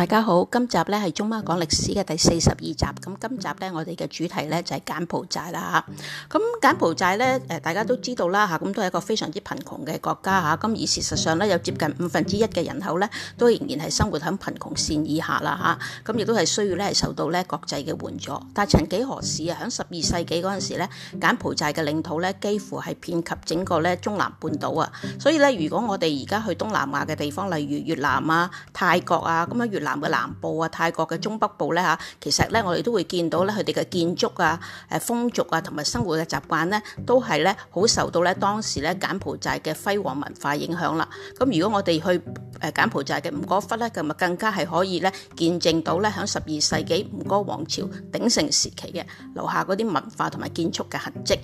大家好，今集咧係中貓講歷史嘅第四十二集。咁今集咧，我哋嘅主題咧就係柬埔寨啦吓。咁柬埔寨咧，誒，大家都知道啦吓，咁都係一個非常之貧窮嘅國家吓。咁而事實上咧，有接近五分之一嘅人口咧，都仍然係生活喺貧窮綫以下啦吓。咁亦都係需要咧係受到咧國際嘅援助。但係曾幾何時啊，喺十二世紀嗰陣時咧，柬埔寨嘅領土咧幾乎係遍及整個咧中南半島啊。所以咧，如果我哋而家去東南亞嘅地方，例如越南啊、泰國啊，咁樣越南。南嘅南部啊，泰國嘅中北部咧吓，其實咧我哋都會見到咧佢哋嘅建築啊、誒風俗啊同埋生活嘅習慣咧，都係咧好受到咧當時咧柬埔寨嘅輝煌文化影響啦。咁如果我哋去誒柬埔寨嘅吳哥窟咧，咁啊更加係可以咧見證到咧喺十二世紀吳哥王朝鼎盛時期嘅留下嗰啲文化同埋建築嘅痕跡。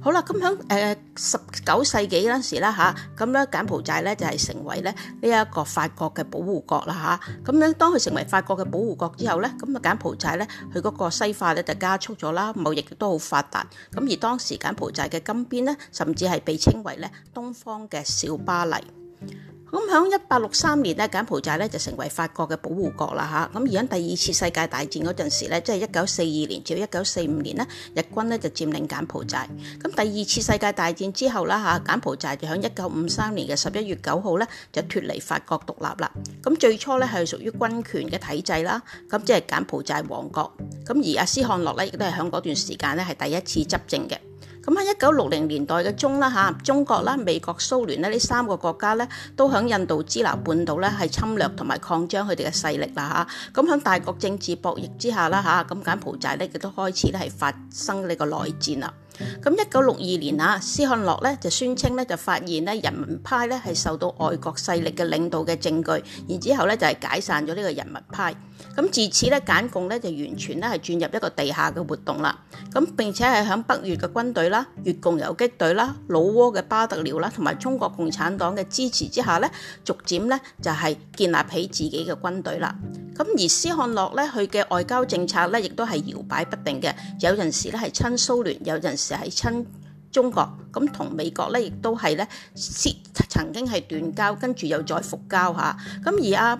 好啦，咁喺誒十九世紀嗰陣時啦嚇，咁咧柬埔寨咧就係成為咧呢一個法國嘅保護國啦嚇。咁樣當佢成為法國嘅保，保護國之後咧，咁啊柬埔寨咧佢嗰個西化咧就加速咗啦，貿易亦都好發達。咁而當時柬埔寨嘅金邊咧，甚至係被稱為咧東方嘅小巴黎。咁喺一八六三年咧，柬埔寨咧就成為法國嘅保護國啦吓。咁而喺第二次世界大戰嗰陣時咧，即係一九四二年至一九四五年咧，日軍咧就佔領柬埔寨。咁第二次世界大戰之後啦吓，柬埔寨就喺一九五三年嘅十一月九號咧就脫離法國獨立啦。咁最初咧係屬於軍權嘅體制啦，咁即係柬埔寨王國。咁而阿斯漢諾咧亦都係喺嗰段時間咧係第一次執政嘅。咁喺一九六零年代嘅中啦吓，中國啦、美國、蘇聯咧，呢三個國家咧都喺印度支那半島咧係侵略同埋擴張佢哋嘅勢力啦吓，咁喺大國政治博弈之下啦吓，咁柬埔寨呢亦都開始咧係發生呢個內戰啦。咁一九六二年啊，斯漢諾咧就宣稱咧就發現咧人民派咧係受到外國勢力嘅領導嘅證據，然之後咧就係解散咗呢個人民派。咁自此咧，柬共咧就完全咧係轉入一個地下嘅活動啦。咁並且係響北越嘅軍隊啦、越共游擊隊啦、老撾嘅巴特寮啦，同埋中國共產黨嘅支持之下咧，逐漸咧就係建立起自己嘅軍隊啦。咁而斯漢諾咧，佢嘅外交政策咧，亦都係搖擺不定嘅，有陣時咧係親蘇聯，有陣時係親中國。咁同美國咧，亦都係咧，曾經係斷交，跟住又再復交吓。咁而阿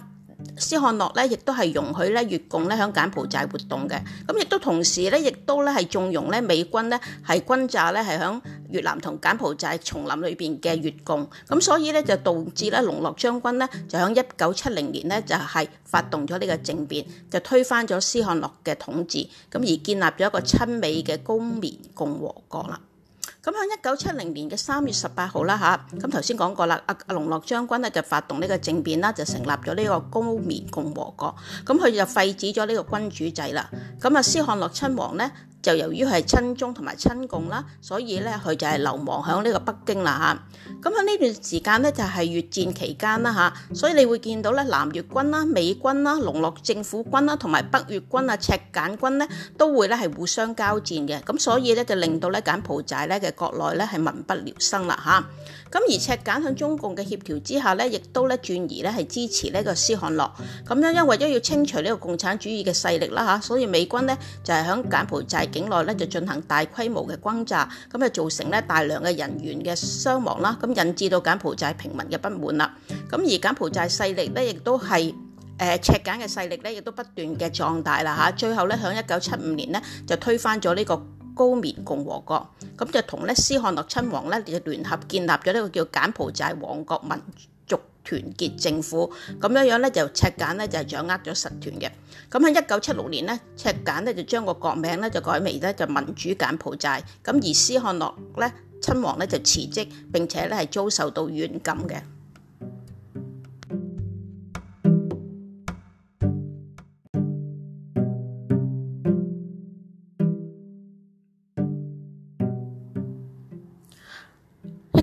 施漢諾咧，亦都係容許咧越共咧喺柬埔寨活動嘅，咁亦都同時咧，亦都咧係縱容咧美軍咧係轟炸咧係喺越南同柬埔寨叢林裏邊嘅越共，咁所以咧就導致咧龍諾將軍咧就喺一九七零年咧就係發動咗呢個政變，就推翻咗施漢諾嘅統治，咁而建立咗一個親美嘅高棉共和國啦。咁喺一九七零年嘅三月十八號啦嚇，咁頭先講過啦，阿龍諾將軍呢就發動呢個政變啦，就成立咗呢個高棉共和國，咁佢就廢止咗呢個君主制啦，咁阿施漢諾親王呢。就由於係親中同埋親共啦，所以咧佢就係流亡響呢個北京啦嚇。咁喺呢段時間咧就係越戰期間啦嚇，所以你會見到咧南越軍啦、美軍啦、龍諾政府軍啦同埋北越軍啊、赤柬軍呢，都會咧係互相交戰嘅。咁所以咧就令到咧柬埔寨咧嘅國內咧係民不聊生啦嚇。咁而赤柬響中共嘅協調之下咧，亦都咧轉移咧係支持呢個施漢諾。咁樣因為都要清除呢個共產主義嘅勢力啦嚇，所以美軍咧就係響柬埔寨境內咧就進行大規模嘅轟炸，咁就造成咧大量嘅人員嘅傷亡啦，咁引致到柬埔寨平民嘅不滿啦。咁而柬埔寨勢力咧亦都係誒赤柬嘅勢力咧亦都不斷嘅壯大啦吓，最後咧喺一九七五年咧就推翻咗呢個高棉共和國，咁就同咧斯漢諾親王咧就聯合建立咗呢個叫柬埔寨王國民團結政府咁樣樣咧，就赤柬咧就掌握咗實權嘅。咁喺一九七六年咧，赤柬咧就將個國名咧就改為咧就民主柬埔寨。咁而斯漢諾咧親王咧就辭職，並且咧係遭受到軟禁嘅。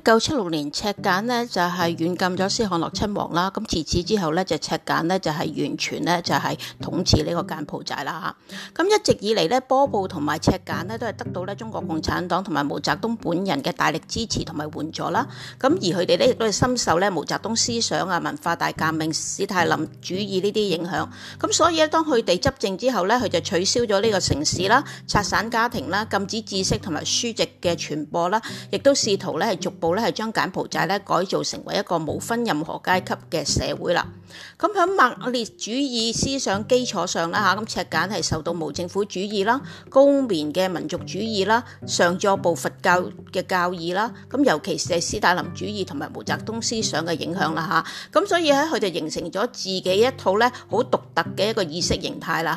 九七六年赤柬呢就係、是、軟禁咗施漢諾親王啦，咁自此次之後呢，赤簡呢就赤柬呢就係完全呢就係、是、統治呢個柬埔寨啦嚇，咁、嗯、一直以嚟呢，波布同埋赤柬呢都係得到呢中國共產黨同埋毛澤東本人嘅大力支持同埋援助啦，咁、嗯、而佢哋呢亦都係深受呢毛澤東思想啊、文化大革命、史泰林主義呢啲影響，咁、嗯、所以呢，當佢哋執政之後呢，佢就取消咗呢個城市啦、拆散家庭啦、禁止知識同埋書籍嘅傳播啦，亦都試圖呢係逐步。咧係將柬埔寨咧改造成為一個冇分任何階級嘅社會啦。咁喺馬列主義思想基礎上啦，嚇咁赤柬係受到無政府主義啦、高棉嘅民族主義啦、上座部佛教嘅教義啦，咁尤其是係斯大林主義同埋毛澤東思想嘅影響啦，嚇。咁所以咧佢就形成咗自己一套咧好獨特嘅一個意識形態啦，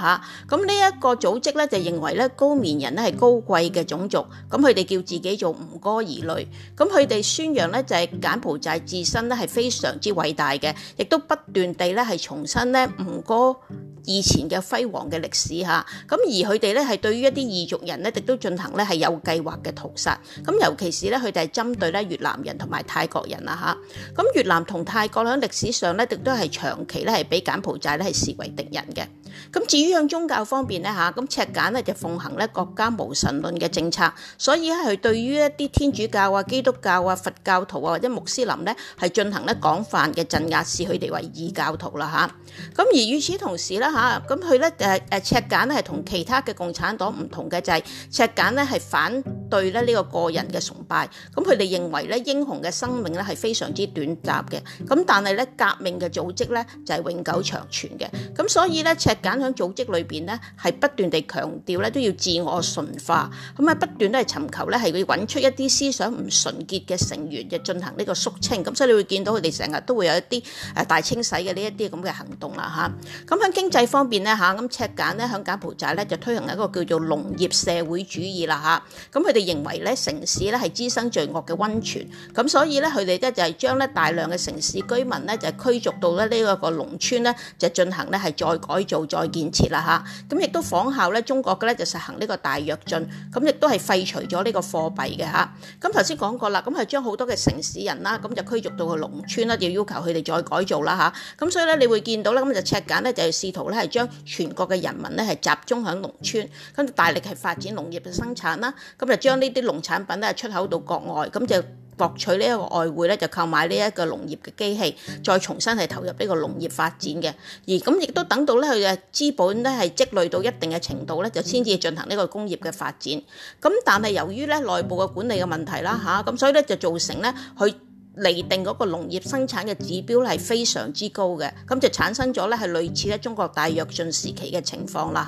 嚇。咁呢一個組織咧就認為咧高棉人咧係高貴嘅種族，咁佢哋叫自己做吳哥兒女，咁佢哋。宣揚咧就係柬埔寨自身咧係非常之偉大嘅，亦都不斷地咧係重申咧吳哥以前嘅輝煌嘅歷史，嚇。咁而佢哋咧係對於一啲異族人咧，亦都進行咧係有計劃嘅屠殺。咁尤其是咧佢哋係針對咧越南人同埋泰國人啦嚇。咁越南同泰國喺歷史上咧，亦都係長期咧係俾柬埔寨咧係視為敵人嘅。咁至於向宗教方面咧嚇，咁赤柬呢，就奉行咧國家無神論嘅政策，所以咧佢對於一啲天主教啊、基督教啊、佛教徒啊或者穆斯林咧，係進行咧廣泛嘅鎮壓，視佢哋為異教徒啦吓，咁而與此同時啦吓，咁佢咧誒誒赤柬咧係同其他嘅共產黨唔同嘅，就是，就係赤柬咧係反對咧呢個個人嘅崇拜。咁佢哋認為咧英雄嘅生命咧係非常之短暫嘅。咁但係咧革命嘅組織咧就係永久長存嘅。咁所以咧赤柬響組織裏邊咧係不斷地強調咧都要自我馴化，咁啊不斷都係尋求咧係佢揾出一啲思想唔純潔嘅。成員就進行呢個肅清，咁所以你會見到佢哋成日都會有一啲誒大清洗嘅呢一啲咁嘅行動啦吓，咁喺經濟方面咧吓，咁赤柬咧喺柬埔寨咧就推行一個叫做農業社會主義啦吓，咁佢哋認為咧城市咧係滋生罪惡嘅溫泉，咁所以咧佢哋咧就係將咧大量嘅城市居民咧就驅逐到咧呢一個農村咧就進行咧係再改造再建設啦吓，咁亦都仿效咧中國嘅咧就實行呢個大躍進，咁亦都係廢除咗呢個貨幣嘅吓，咁頭先講過啦，咁佢將好多嘅城市人啦，咁就驅逐到個農村啦，就要求佢哋再改造啦吓。咁所以咧，你會見到咧，咁就赤柬咧就試圖咧係將全國嘅人民咧係集中喺農村，跟住大力係發展農業嘅生產啦，咁就將呢啲農產品咧出口到國外，咁就。博取呢一個外匯咧，就購買呢一個農業嘅機器，再重新係投入呢個農業發展嘅。而咁亦都等到咧佢嘅資本咧係積累到一定嘅程度咧，就先至進行呢個工業嘅發展。咁但係由於咧內部嘅管理嘅問題啦，吓咁所以咧就造成咧佢。釐定嗰個農業生產嘅指標係非常之高嘅，咁就產生咗咧係類似咧中國大躍進時期嘅情況啦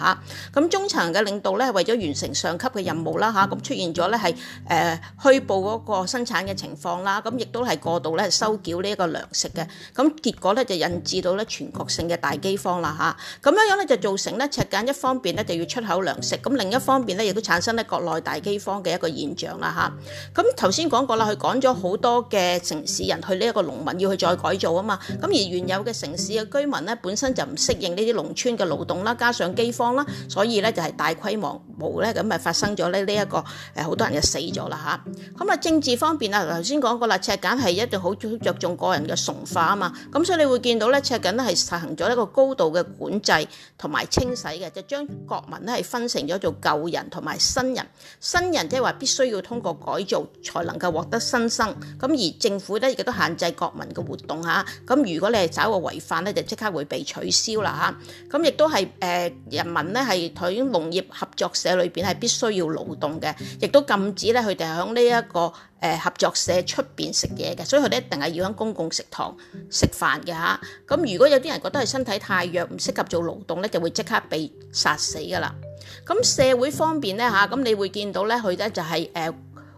吓，咁中層嘅領導咧為咗完成上級嘅任務啦吓，咁出現咗咧係誒虛報嗰個生產嘅情況啦，咁亦都係過度咧收繳呢一個糧食嘅，咁結果咧就引致到咧全國性嘅大饑荒啦吓，咁樣樣咧就造成咧赤柬一方面咧就要出口糧食，咁另一方面咧亦都產生咧國內大饑荒嘅一個現象啦吓，咁頭先講過啦，佢講咗好多嘅城市人去呢一個農民要去再改造啊嘛，咁而原有嘅城市嘅居民咧本身就唔適應呢啲農村嘅勞動啦，加上饑荒啦，所以咧就係、是、大規模冇咧咁咪發生咗咧呢一個誒好多人就死咗啦吓，咁啊政治方面啊，頭先講過啦，赤柬係一定好着重個人嘅崇化啊嘛，咁所以你會見到咧赤柬咧係實行咗一個高度嘅管制同埋清洗嘅，就將國民咧係分成咗做舊人同埋新人，新人即係話必須要通過改造才能夠獲得新生，咁而政府。會咧亦都限制國民嘅活動嚇，咁、啊、如果你係找個違反咧，就即刻會被取消啦嚇。咁、啊、亦都係誒、呃、人民咧，係喺農業合作社裏邊係必須要勞動嘅，亦都禁止咧佢哋喺呢一、這個誒、呃、合作社出邊食嘢嘅，所以佢哋一定係要喺公共食堂食飯嘅嚇。咁、啊、如果有啲人覺得係身體太弱唔適合做勞動咧，就會即刻被殺死噶啦。咁社會方面咧嚇，咁、啊、你會見到咧佢咧就係、是、誒。呃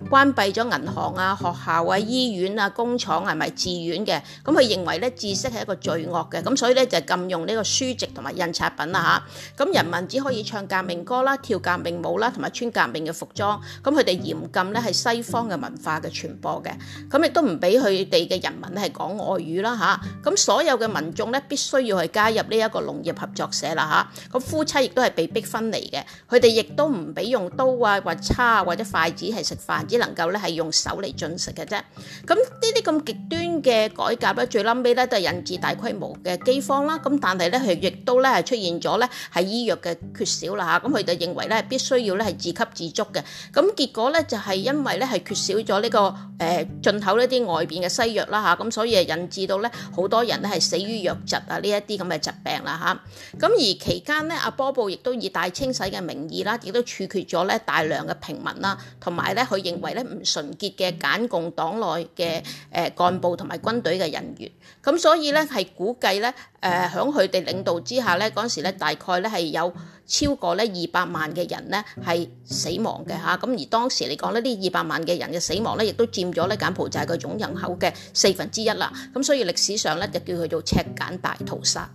關閉咗銀行啊、學校啊、醫院啊、工廠係咪志院嘅？咁佢認為咧知識係一個罪惡嘅，咁所以咧就禁用呢個書籍同埋印刷品啦吓，咁人民只可以唱革命歌啦、跳革命舞啦同埋穿革命嘅服裝。咁佢哋嚴禁咧係西方嘅文化嘅傳播嘅。咁亦都唔俾佢哋嘅人民係講外語啦吓，咁所有嘅民眾咧必須要去加入呢一個農業合作社啦吓，咁夫妻亦都係被逼分離嘅。佢哋亦都唔俾用刀啊、或者叉啊、或者筷子係食飯。只能夠咧係用手嚟進食嘅啫，咁呢啲咁極端嘅改革咧，最撚尾咧都係引致大規模嘅饑荒啦。咁但係咧佢亦都咧係出現咗咧係醫藥嘅缺少啦吓，咁佢就認為咧必須要咧係自給自足嘅。咁結果咧就係因為咧係缺少咗呢、這個誒進、呃、口呢啲外邊嘅西藥啦吓，咁所以係引致到咧好多人咧係死於瘧疾啊呢一啲咁嘅疾病啦吓，咁而期間咧，阿波布亦都以大清洗嘅名義啦，亦都處決咗咧大量嘅平民啦，同埋咧佢認為咧唔純潔嘅柬共黨內嘅誒幹部同埋軍隊嘅人員，咁所以咧係估計咧誒喺佢哋領導之下咧嗰時咧大概咧係有超過咧二百萬嘅人咧係死亡嘅吓，咁而當時嚟講咧呢二百萬嘅人嘅死亡咧亦都佔咗咧柬埔寨個總人口嘅四分之一啦，咁所以歷史上咧就叫佢做赤柬大屠殺。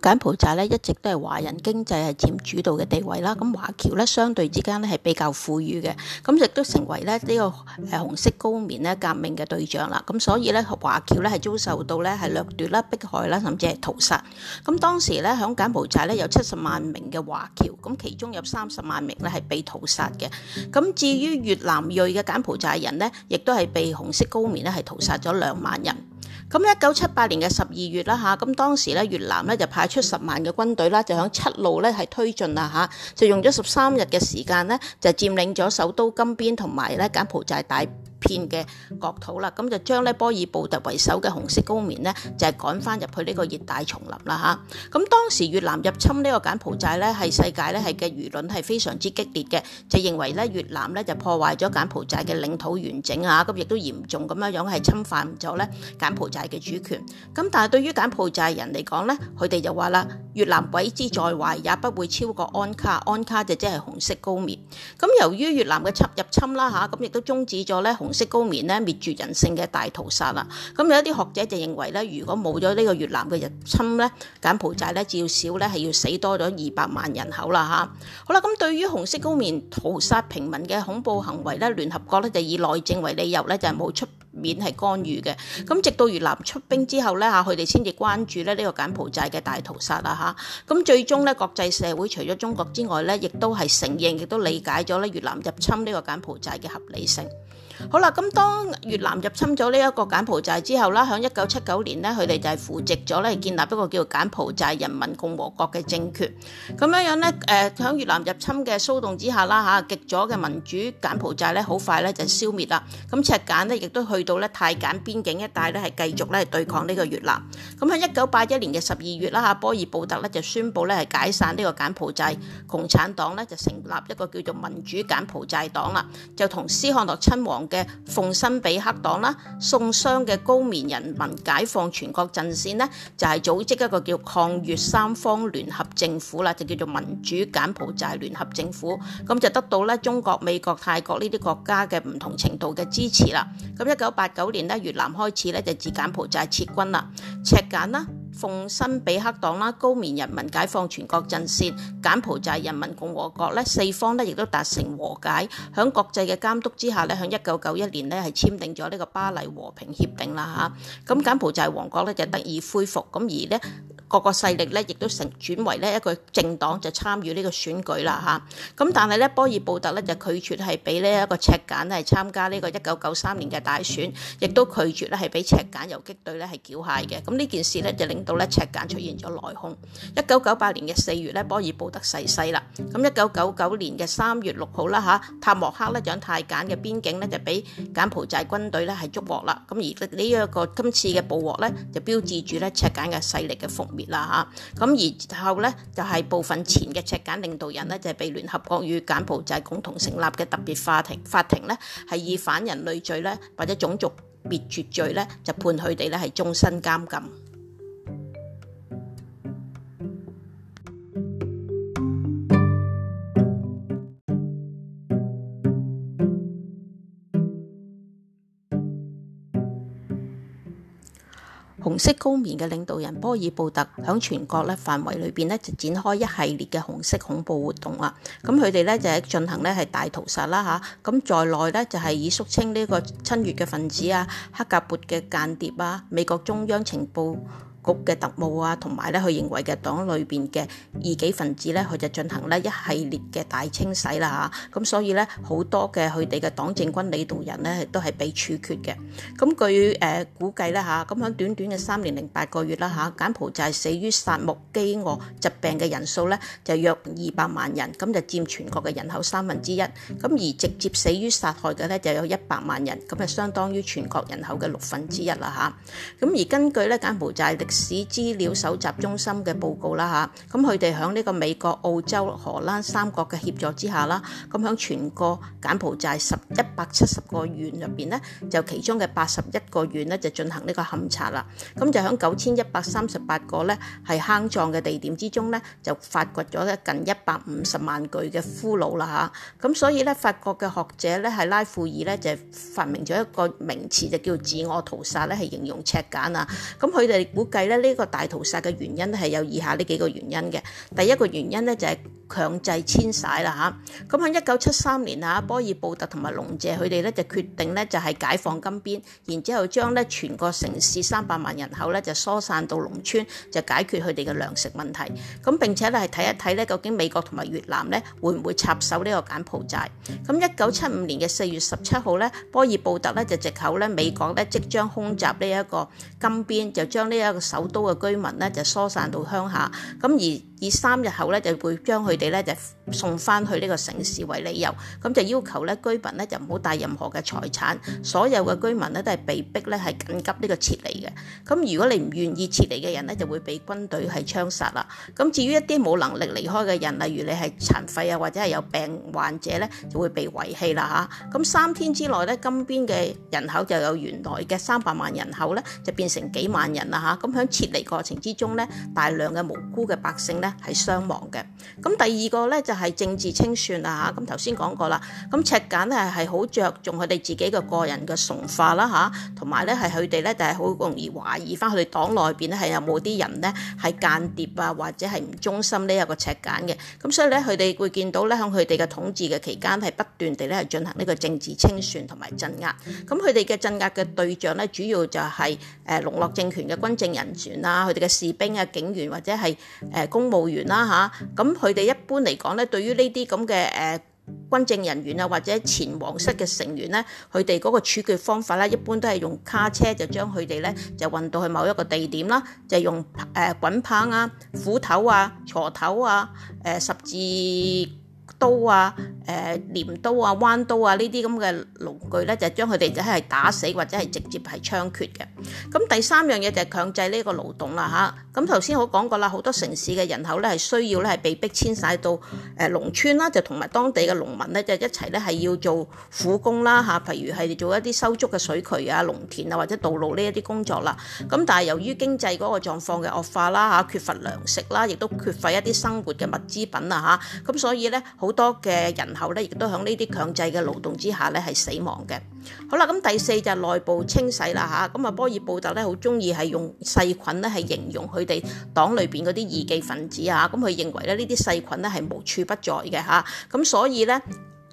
柬埔寨咧一直都係華人經濟係佔主導嘅地位啦，咁華僑咧相對之間咧係比較富裕嘅，咁亦都成為咧呢個紅色高棉咧革命嘅對象啦，咁所以咧華僑咧係遭受到咧係掠奪啦、迫害啦，甚至係屠殺。咁當時咧喺柬埔寨咧有七十萬名嘅華僑，咁其中有三十萬名咧係被屠殺嘅。咁至於越南裔嘅柬埔寨人呢，亦都係被紅色高棉咧係屠殺咗兩萬人。咁一九七八年嘅十二月啦嚇，咁當時咧越南咧就派出十萬嘅軍隊啦，就向七路咧係推進啦嚇，就用咗十三日嘅時間咧，就佔領咗首都金邊同埋咧柬埔寨大片嘅國土啦，咁就將咧波爾布特為首嘅紅色高棉呢，就係趕翻入去呢個熱帶叢林啦吓，咁當時越南入侵呢個柬埔寨呢，係世界呢，係嘅輿論係非常之激烈嘅，就認為咧越南呢，就破壞咗柬埔寨嘅領土完整啊，咁亦都嚴重咁樣樣係侵犯咗咧柬埔寨嘅主權。咁但係對於柬埔寨人嚟講呢，佢哋就話啦：越南鬼之再壞，也不會超過安卡。安卡就即係紅色高棉。咁由於越南嘅侵入侵啦吓，咁亦都中止咗咧紅紅色高棉咧滅絕人性嘅大屠殺啦，咁有一啲學者就認為咧，如果冇咗呢個越南嘅入侵咧，柬埔寨咧至少咧係要死多咗二百萬人口啦嚇。好啦，咁對於紅色高棉屠殺平民嘅恐怖行為咧，聯合國咧就以內政為理由咧，就係冇出面係干預嘅。咁直到越南出兵之後咧，嚇佢哋先至關注咧呢個柬埔寨嘅大屠殺啦嚇。咁最終咧，國際社會除咗中國之外咧，亦都係承認，亦都理解咗咧越南入侵呢個柬埔寨嘅合理性。好啦，咁當越南入侵咗呢一個柬埔寨之後啦，喺一九七九年呢，佢哋就係扶植咗咧建立一個叫做柬埔寨人民共和國嘅政權。咁樣樣咧，誒、呃、喺越南入侵嘅騷動之下啦，嚇極左嘅民主柬埔寨咧，好快咧就消滅啦。咁赤柬呢，亦都去到咧泰柬邊境一帶咧，係繼續咧對抗呢個越南。咁喺一九八一年嘅十二月啦，阿波爾布特咧就宣布咧係解散呢個柬埔寨共產黨咧，就成立一個叫做民主柬埔寨黨啦，就同斯漢諾親王。嘅奉辛比克黨啦，送傷嘅高棉人民解放全國陣線呢，就係組織一個叫抗越三方聯合政府啦，就叫做民主柬埔寨聯合政府。咁就得到咧中國、美國、泰國呢啲國家嘅唔同程度嘅支持啦。咁一九八九年呢，越南開始咧就自柬埔寨撤軍啦，赤柬啦。奉新比克黨啦、高棉人民解放全國陣線、柬埔寨人民共和國咧，四方咧亦都達成和解，喺國際嘅監督之下咧，喺一九九一年咧係簽訂咗呢個巴黎和平協定啦吓。咁柬埔寨王國咧就得以恢復，咁而呢。各個勢力咧，亦都成轉為呢一個政黨，就參與呢個選舉啦吓，咁但係咧，波爾布特咧就拒絕係俾呢一個赤柬咧參加呢個一九九三年嘅大選，亦都拒絕咧係俾赤柬遊擊隊咧係繳械嘅。咁呢件事咧就令到咧赤柬出現咗內訌。一九九八年嘅四月咧，波爾布特逝世啦。咁一九九九年嘅三月六號啦吓，塔莫克咧，長泰柬嘅邊境咧就俾柬埔寨軍隊咧係捉獲啦。咁而呢一個今次嘅捕獲咧，就標誌住咧赤柬嘅勢力嘅覆啦嚇，咁然後咧就係部分前嘅赤柬領導人咧，就係被聯合國與柬埔寨共同成立嘅特別法庭法庭咧，係以反人類罪咧或者種族滅絕罪咧，就判佢哋咧係終身監禁。紅色高棉嘅領導人波爾布特喺全國咧範圍裏邊咧就展開一系列嘅紅色恐怖活動啊！咁佢哋咧就係進行咧係大屠殺啦吓，咁在內咧就係以肅清呢個親越嘅分子啊、克格勃嘅間諜啊、美國中央情報。局嘅特務啊，同埋咧，佢認為嘅黨裏邊嘅異己分子咧，佢就進行咧一系列嘅大清洗啦嚇。咁所以咧，好多嘅佢哋嘅黨政軍領導人咧，都係被處決嘅。咁據誒估計咧嚇，咁喺短短嘅三年零八個月啦嚇，柬埔寨死於殺戮、饑餓、疾病嘅人數咧，就約二百萬人，咁就佔全國嘅人口三分之一。咁而直接死於殺害嘅咧，就有一百萬人，咁啊相當於全國人口嘅六分之一啦嚇。咁而根據咧柬埔寨歷史資料搜集中心嘅報告啦嚇，咁佢哋喺呢個美國、澳洲、荷蘭三國嘅協助之下啦，咁喺全個柬埔寨十一百七十個縣入邊呢，就其中嘅八十一個縣呢，就進行呢個勘察啦，咁就喺九千一百三十八個呢，係坑葬嘅地點之中呢，就發掘咗咧近一百五十萬具嘅俘虜啦嚇，咁所以呢，法國嘅學者咧係拉富爾呢，就發明咗一個名詞就叫自我屠殺咧，係形容赤柬啊，咁佢哋估計。呢個大屠殺嘅原因係有以下呢幾個原因嘅，第一個原因咧就係、是。強制遷徙啦嚇，咁喺一九七三年啊，波爾布特同埋農謝佢哋咧就決定咧就係解放金邊，然之後將咧全國城市三百萬人口咧就疏散到農村，就解決佢哋嘅糧食問題。咁並且咧係睇一睇咧究竟美國同埋越南咧會唔會插手呢個柬埔寨？咁一九七五年嘅四月十七號咧，波爾布特咧就藉口咧美國咧即將空襲呢一個金邊，就將呢一個首都嘅居民咧就疏散到鄉下。咁而以三日後咧就會將佢哋咧就送返去呢個城市為理由，咁就要求咧居民咧就唔好帶任何嘅財產，所有嘅居民咧都係被逼咧係緊急呢個撤離嘅。咁如果你唔願意撤離嘅人咧，就會被軍隊係槍殺啦。咁至於一啲冇能力離開嘅人，例如你係殘廢啊，或者係有病患者咧，就會被遺棄啦嚇。咁三天之內咧，金邊嘅人口就有原來嘅三百萬人口咧，就變成幾萬人啦嚇。咁喺撤離過程之中咧，大量嘅無辜嘅百姓咧，係傷亡嘅，咁第二個咧就係、是、政治清算啦吓，咁頭先講過啦，咁赤柬咧係好着重佢哋自己嘅個人嘅崇拜啦吓，同埋咧係佢哋咧就係好容易懷疑翻佢哋黨內邊咧係有冇啲人咧係間諜啊或者係唔忠心呢一個赤柬嘅，咁所以咧佢哋會見到咧響佢哋嘅統治嘅期間係不斷地咧進行呢個政治清算同埋鎮壓，咁佢哋嘅鎮壓嘅對象咧主要就係誒龍樂政權嘅軍政人員啊，佢哋嘅士兵啊、警員或者係誒、呃、公務。墓園啦嚇，咁佢哋一般嚟講咧，對於呢啲咁嘅誒軍政人員啊，或者前皇室嘅成員咧，佢哋嗰個處決方法咧，一般都係用卡車就將佢哋咧就運到去某一個地點啦，就係用誒滾棒啊、斧頭啊、鋤頭啊、誒十字。刀啊、誒、呃、鐮刀啊、彎刀啊，這些這具呢啲咁嘅農具咧，就將佢哋即係打死或者係直接係槍決嘅。咁第三樣嘢就係強制呢個勞動啦吓，咁頭先我講過啦，好多城市嘅人口咧係需要咧係被逼遷徙到誒農村啦，就同埋當地嘅農民咧就一齊咧係要做苦工啦吓，譬、啊、如係做一啲收粟嘅水渠啊、農田啊或者道路呢一啲工作啦。咁但係由於經濟嗰個狀況嘅惡化啦吓、啊，缺乏糧食啦，亦、啊、都缺乏一啲生活嘅物資品啊吓，咁所以咧好。好多嘅人口咧，亦都響呢啲強制嘅勞動之下咧，係死亡嘅。好啦，咁第四就內部清洗啦吓，咁啊，波爾布特咧好中意係用細菌咧係形容佢哋黨裏邊嗰啲異己分子啊。咁佢認為咧呢啲細菌咧係無處不在嘅吓，咁所以咧，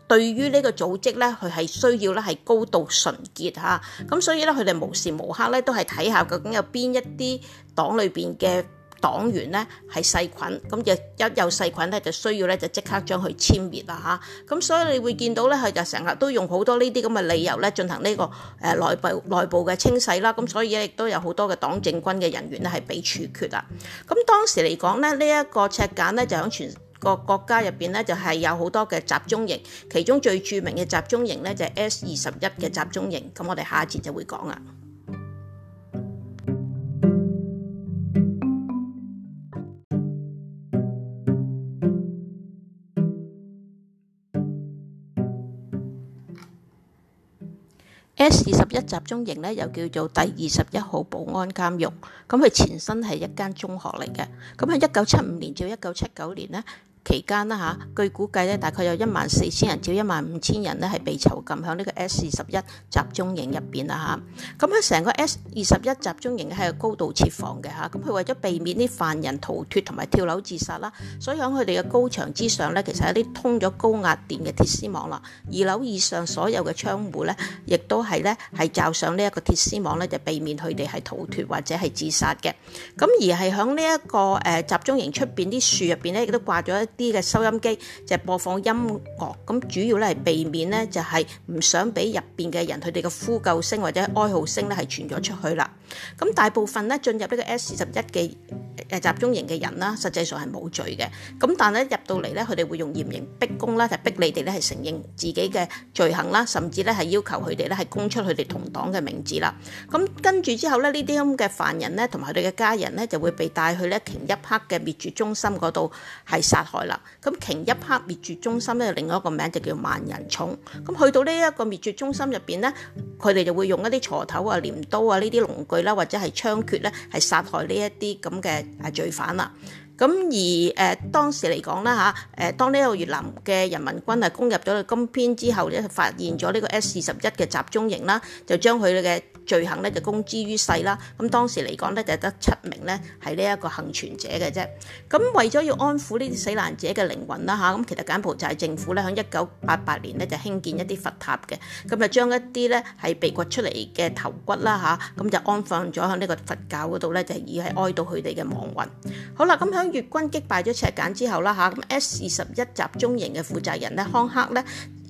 對於呢個組織咧，佢係需要咧係高度純潔吓。咁所以咧，佢哋無時無刻咧都係睇下究竟有邊一啲黨裏邊嘅。黨員咧係細菌，咁就一有細菌咧就需要咧就即刻將佢殲滅啦吓，咁所以你會見到咧佢就成日都用好多呢啲咁嘅理由咧進行呢個誒內部內部嘅清洗啦，咁所以咧亦都有好多嘅黨政軍嘅人員咧係被處決啊，咁當時嚟講咧呢一個赤柬咧就喺全個國家入邊咧就係有好多嘅集中營，其中最著名嘅集中營咧就係 S 二十一嘅集中營，咁我哋下一節就會講啦。S 二十一集中營咧，又叫做第二十一號保安監獄，咁佢前身係一間中學嚟嘅，咁喺一九七五年至一九七九年咧。期間啦嚇，據估計咧，大概有一萬四千人至一萬五千人咧係被囚禁響呢個 S 二十一集中營入邊啦嚇。咁喺成個 S 二十一集中營係有高度設防嘅嚇，咁佢為咗避免啲犯人逃脫同埋跳樓自殺啦，所以響佢哋嘅高牆之上呢，其實有啲通咗高壓電嘅鐵絲網啦。二樓以上所有嘅窗戶呢，亦都係呢係罩上呢一個鐵絲網呢，就避免佢哋係逃脫或者係自殺嘅。咁而係響呢一個誒集中營出邊啲樹入邊呢，亦都掛咗一啲嘅收音機就係、是、播放音樂，咁主要咧係避免咧就係、是、唔想俾入邊嘅人佢哋嘅呼救聲或者哀號聲咧係傳咗出去啦。咁大部分咧進入呢個 S 四十一二十一嘅誒集中營嘅人啦，實際上係冇罪嘅。咁但係咧入到嚟咧，佢哋會用嚴刑逼供啦，就逼你哋咧係承認自己嘅罪行啦，甚至咧係要求佢哋咧係供出佢哋同黨嘅名字啦。咁跟住之後咧，呢啲咁嘅犯人咧同埋佢哋嘅家人咧就會被帶去咧停一刻嘅滅絕中心嗰度係殺害。咁鷹一刻滅絕中心咧，另外一個名就叫萬人冢。咁去到呢一個滅絕中心入面咧，佢哋就會用一啲鋤頭啊、鐮刀啊呢啲農具啦、啊，或者係槍決咧、啊，係殺害呢一啲咁嘅誒罪犯啦、啊。咁而誒、呃、當時嚟講啦嚇，誒當呢個越南嘅人民軍係攻入咗金邊之後咧，發現咗呢個 S 二十一嘅集中營啦、啊，就將佢哋嘅。罪行咧就公之於世啦，咁當時嚟講咧就得七名咧係呢一個幸存者嘅啫。咁為咗要安撫呢啲死難者嘅靈魂啦嚇，咁其實柬埔寨政府咧喺一九八八年咧就興建一啲佛塔嘅，咁就將一啲咧係被掘出嚟嘅頭骨啦嚇，咁就安放咗喺呢個佛教嗰度咧，就以係哀悼佢哋嘅亡魂。好啦，咁喺越軍擊敗咗赤柬之後啦嚇，咁 S 二十一集中營嘅負責人咧康克咧。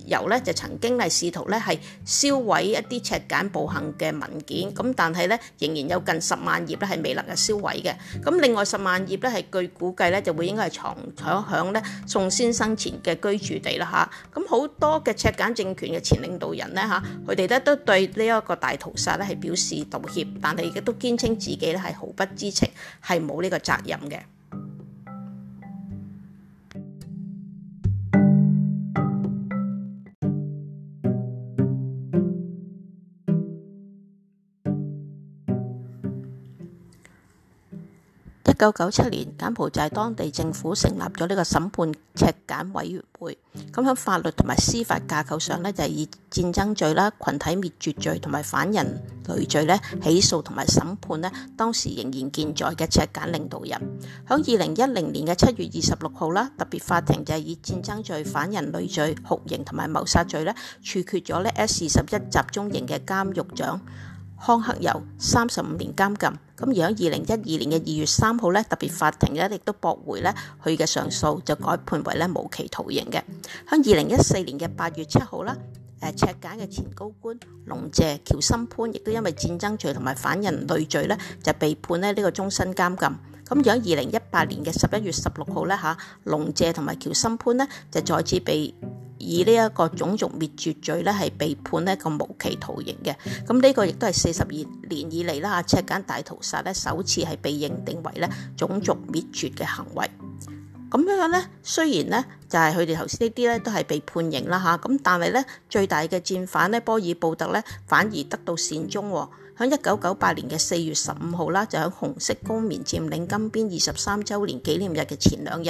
由咧就曾經係試圖咧係燒毀一啲赤柬暴行嘅文件，咁但係咧仍然有近十萬頁咧係未能夠銷毀嘅，咁另外十萬頁咧係據估計咧就會應該係藏響響咧宋先生前嘅居住地啦吓，咁好多嘅赤柬政權嘅前領導人咧吓，佢哋咧都對呢一個大屠殺咧係表示道歉，但係亦都堅稱自己咧係毫不知情，係冇呢個責任嘅。一九九七年，柬埔寨當地政府成立咗呢個審判赤柬委員會。咁喺法律同埋司法架構上呢就係、是、以戰爭罪啦、群體滅絕罪同埋反人類罪呢起訴同埋審判呢當時仍然健在嘅赤柬領導人。喺二零一零年嘅七月二十六號啦，特別法庭就係以戰爭罪、反人類罪、酷刑同埋謀殺罪呢處決咗呢 S 二十一集中營嘅監獄長。康克由三十五年監禁，咁而喺二零一二年嘅二月三號咧，特別法庭咧亦都駁回咧佢嘅上訴，就改判為咧無期徒刑嘅。喺二零一四年嘅八月七號啦，誒赤柬嘅前高官龍謝、喬森潘，亦都因為戰爭罪同埋反人類罪咧就被判咧呢個終身監禁。咁而喺二零一八年嘅十一月十六號咧嚇，龍謝同埋喬森潘呢就再次被以呢一個種族滅絕罪咧，係被判咧一個無期徒刑嘅。咁、這、呢個亦都係四十二年以嚟啦，赤柬大屠殺咧，首次係被認定為咧種族滅絕嘅行為。咁樣咧，雖然咧就係佢哋頭先呢啲咧都係被判刑啦嚇，咁但係咧最大嘅戰犯咧波爾布特咧反而得到善終喎。喺一九九八年嘅四月十五號啦，就喺紅色高棉佔領金邊二十三週年紀念日嘅前兩日，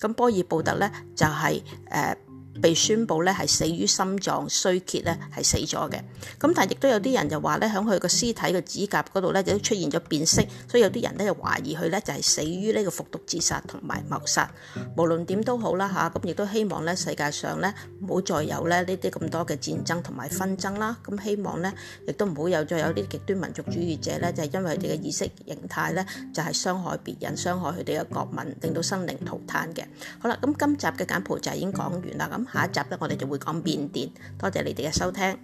咁波爾布特咧就係、是、誒。呃被宣布咧係死於心臟衰竭咧係死咗嘅，咁但係亦都有啲人就話咧喺佢個屍體嘅指甲嗰度咧亦都出現咗變色，所以有啲人咧就懷疑佢咧就係死於呢個服毒自殺同埋謀殺。無論點都好啦吓，咁亦都希望咧世界上咧唔好再有咧呢啲咁多嘅戰爭同埋紛爭啦。咁希望咧亦都唔好有再有啲極端民族主義者咧就係因為佢哋嘅意識形態咧就係傷害別人、傷害佢哋嘅國民，令到生靈塗炭嘅。好啦，咁今集嘅簡報就已經講完啦，咁。下一集咧，我哋就會講變電。多謝你哋嘅收聽。